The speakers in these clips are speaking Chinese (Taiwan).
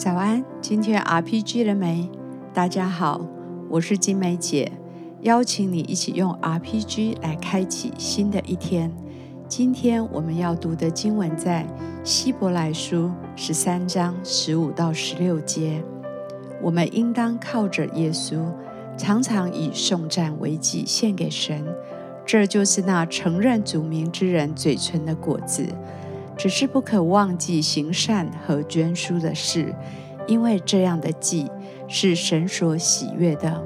早安，今天 RPG 了沒？大家好，我是晶玫姊，邀請你一起用 RPG 來開啟新的一天。今天我們要讀的經文在希伯來書十三章十五到十六節。我們應當靠着耶穌，常常以頌讚為祭獻給神，這就是那承認主名之人嘴唇的果子。只是不可忘記行善和捐輸的事，因為這樣的祭是神所喜悅的。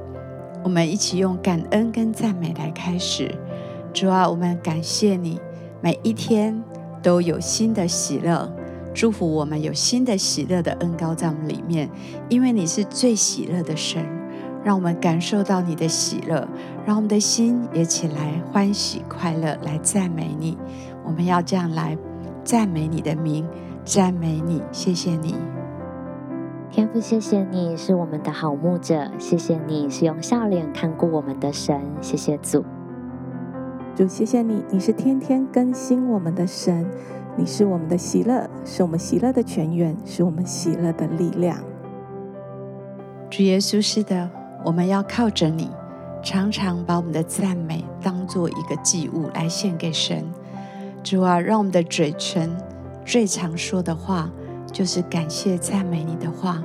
我們一起用感恩跟讚美來開始。主啊，我們感謝你，每一天都有新的喜樂，祝福我們有新的喜樂的恩膏在我們裡面，因為你是最喜樂的神。讓我們感受到你的喜樂，讓我們的心也起來歡喜快樂來讚美你。我們要這樣來。讚美你的名，讚美你，謝謝你，天父，謝謝你是我們的好牧者，謝謝你是用笑臉看顧我們的神，謝謝主，主，謝謝你，你是天天更新我們的神，你是我們的喜樂，是我們喜樂的泉源，是我們喜樂的力量。主耶穌，是的，我們要靠着你，常常把我們的讚美當做一個祭物來獻給神。主啊，讓我們的嘴唇最常說的話就是感謝讚美你的話，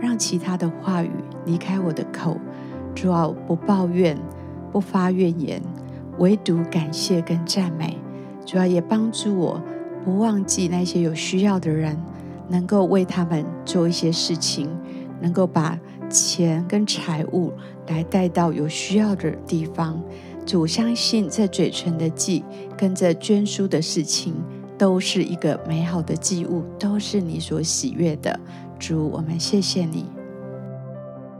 讓其他的話語離開我的口。主啊，不抱怨，不發怨言，唯獨感謝跟讚美。主啊，也幫助我，不忘記那些有需要的人，能夠為他們做一些事情，能夠把錢跟財物來帶到有需要的地方。主，相信這嘴唇的祭，跟這捐輸的事情，都是一個美好的祭物，都是你所喜悅的。主，我們謝謝你。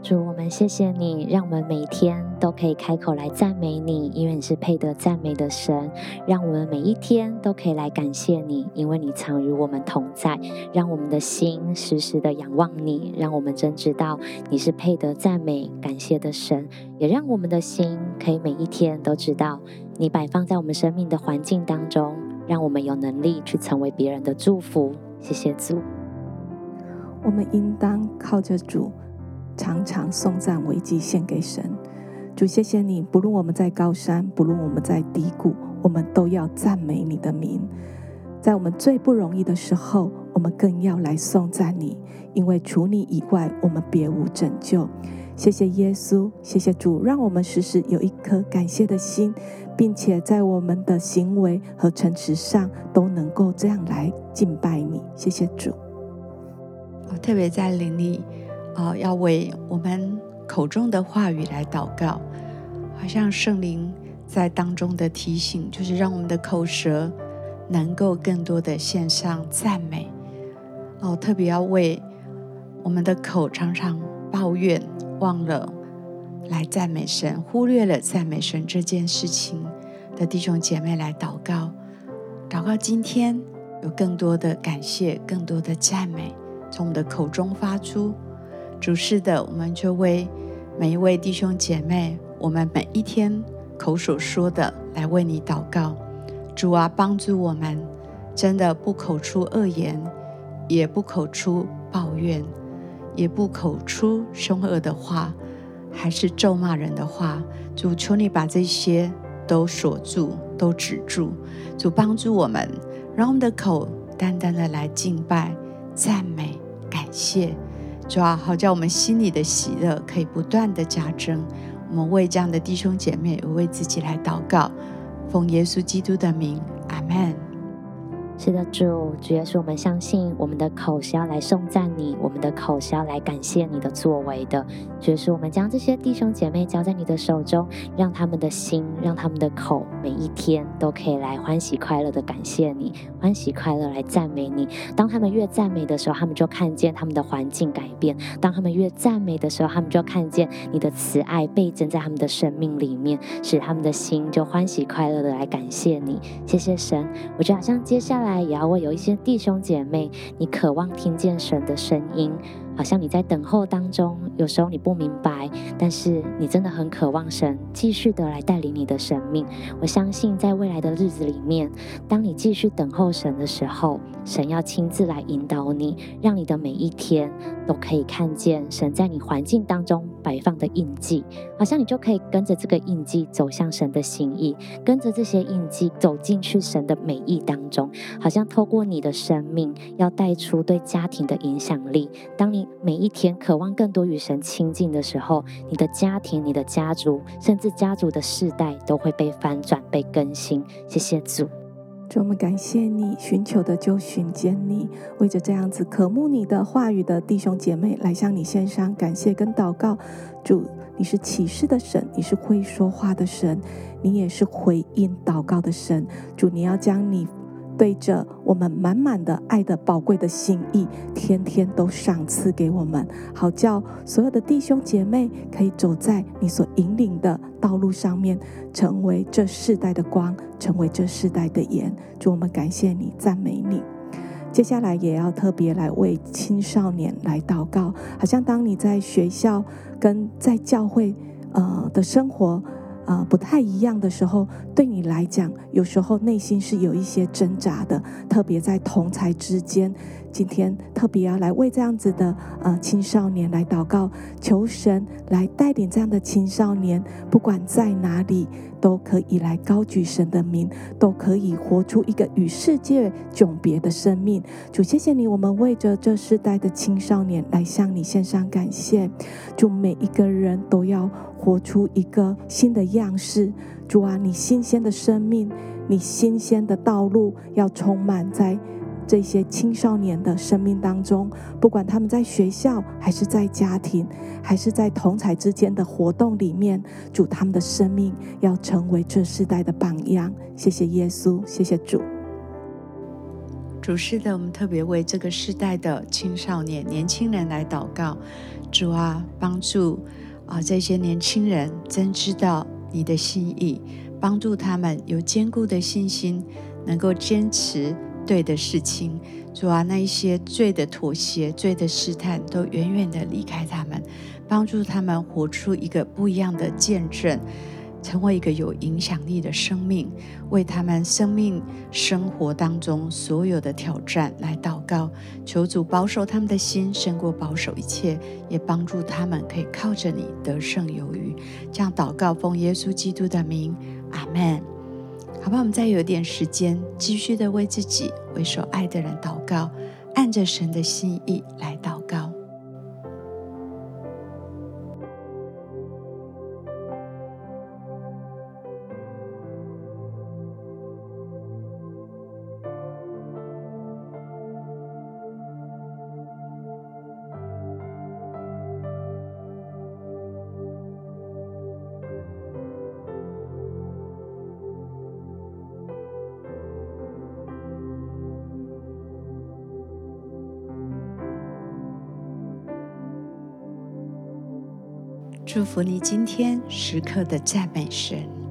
主，我們謝謝你，讓我們每一天都可以開口來讚美你，因為你是配得讚美的神。讓我們每一天都可以來感謝你，因為你常與我們同在。讓我們的心時時地仰望你，讓我們真知道你是配得讚美、感謝的神。也讓我們的心可以每一天都知道你擺放在我們生命的環境當中，讓我們有能力去成為別人的祝福。謝謝主，我們應當靠着主。常常頌讚為祭獻給神，主謝謝你。不論我們在高山，不論我們在低谷，我們都要讚美你的名。在我們最不容易的時候，我們更要來頌讚你，因為除你以外，我們別無拯救。謝謝耶穌，謝謝主，讓我們時時有一顆感謝的心，並且在我們的行為和誠實上都能夠這樣來敬拜你。謝謝主。我特別在靈裡。啊、哦，要為我們口中的話語來禱告，好像聖靈在當中的提醒，就是讓我們的口舌能夠更多的獻上讚美。哦，特別要為我們的口常常抱怨，忘了來讚美神，忽略了讚美神這件事情的弟兄姐妹來禱告，禱告今天有更多的感謝，更多的讚美從我們的口中發出。主是的，我們就為每一位弟兄姐妹，我們每一天口所說的，來為你禱告。主啊，幫助我們，真的不口出惡言，也不口出抱怨，也不口出兇惡的話，還是咒罵人的話。主求你把這些都鎖住，都止住。主幫助我們，讓我們的口單單的來敬拜、讚美、感謝。主啊，好叫我們心裡的喜樂可以不斷的加增。我們為這樣的弟兄姐妹，也為自己來禱告，奉耶穌基督的名，阿門。是的，主，主要是我們相信我們的口是要來頌讚你，我們的口是要來感謝你的作為的。主要是我們將這些弟兄姐妹交在你的手中，讓他們的心，讓他們的口，每一天都可以來歡喜快樂的感謝你，歡喜快樂來讚美你。當他們越讚美的時候，他們就看見他們的環境改變；當他們越讚美的時候，他們就看見你的慈愛倍增在他們的生命裡面，使他們的心就歡喜快樂的來感謝你。謝謝神，我就好像接下來。也要我有一些弟兄姐妹，你渴望聽見神的聲音。好像你在等候當中，有時候你不明白，但是你真的很渴望神繼續的來帶領你的生命。我相信在未來的日子裡面，當你繼續等候神的時候，神要親自來引導你，讓你的每一天都可以看見神在你環境當中擺放的印記。好像你就可以跟着這個印記走向神的心意，跟着這些印記走進去神的美意當中。好像透過你的生命要帶出對家庭的影響力。當你每一天渴望更多與神親近的時候，你的家庭、你的家族，甚至家族的世代，都會被翻轉、被更新。謝謝主，主我們感謝你，尋求的就尋見你。為着這樣子渴慕你的話語的弟兄姐妹，來向你獻上感謝跟禱告。主，你是啟示的神，你是會說話的神，你也是回應禱告的神。主，你要將你，對着我們滿滿的愛的寶貴的心意，天天都賞賜給我們，好叫所有的弟兄姐妹可以走在你所引領的道路上面，成為這世代的光，成為這世代的鹽。主，我們感謝你，讚美你。接下來也要特別來為青少年來禱告，好像當你在學校跟在教會呃的生活。啊、呃，不太一樣的時候，對你來講，有時候內心是有一些掙扎的，特別在同儕之間。今天特別要來為這樣子的呃青少年來禱告，求神來帶領這樣的青少年，不管在哪裡，都可以來高舉神的名，都可以活出一個與世界迥別的生命。主，謝謝你，我們為着這世代的青少年來向你獻上感謝。祝每一個人都要活出一個新的樣式。主啊，你新鮮的生命，你新鮮的道路，要充滿在這些青少年的生命當中，不管他們在學校，還是在家庭，還是在同儕之間的活動裡面，主，他們的生命要成為這世代的榜樣。謝謝耶穌，謝謝主。主，是的，我們特別為這個世代的青少年、年輕人來禱告。主啊，幫助啊、呃、這些年輕人真知道你的心意，幫助他們有堅固的信心，能夠堅持對的事情，主啊，那一些罪的妥協、罪的試探，都遠遠地離開他們，幫助他們活出一個不一樣的見證，成為一個有影響力的生命。為他們生命生活當中所有的挑戰來禱告，求主保守他們的心勝過保守一切，也幫助他們可以靠着你得勝有餘。這樣禱告，奉耶穌基督的名，阿門。好吧，我們再有點時間，繼續的為自己、為所愛的人禱告，按着神的心意來到。祝福你今天時刻的讚美神。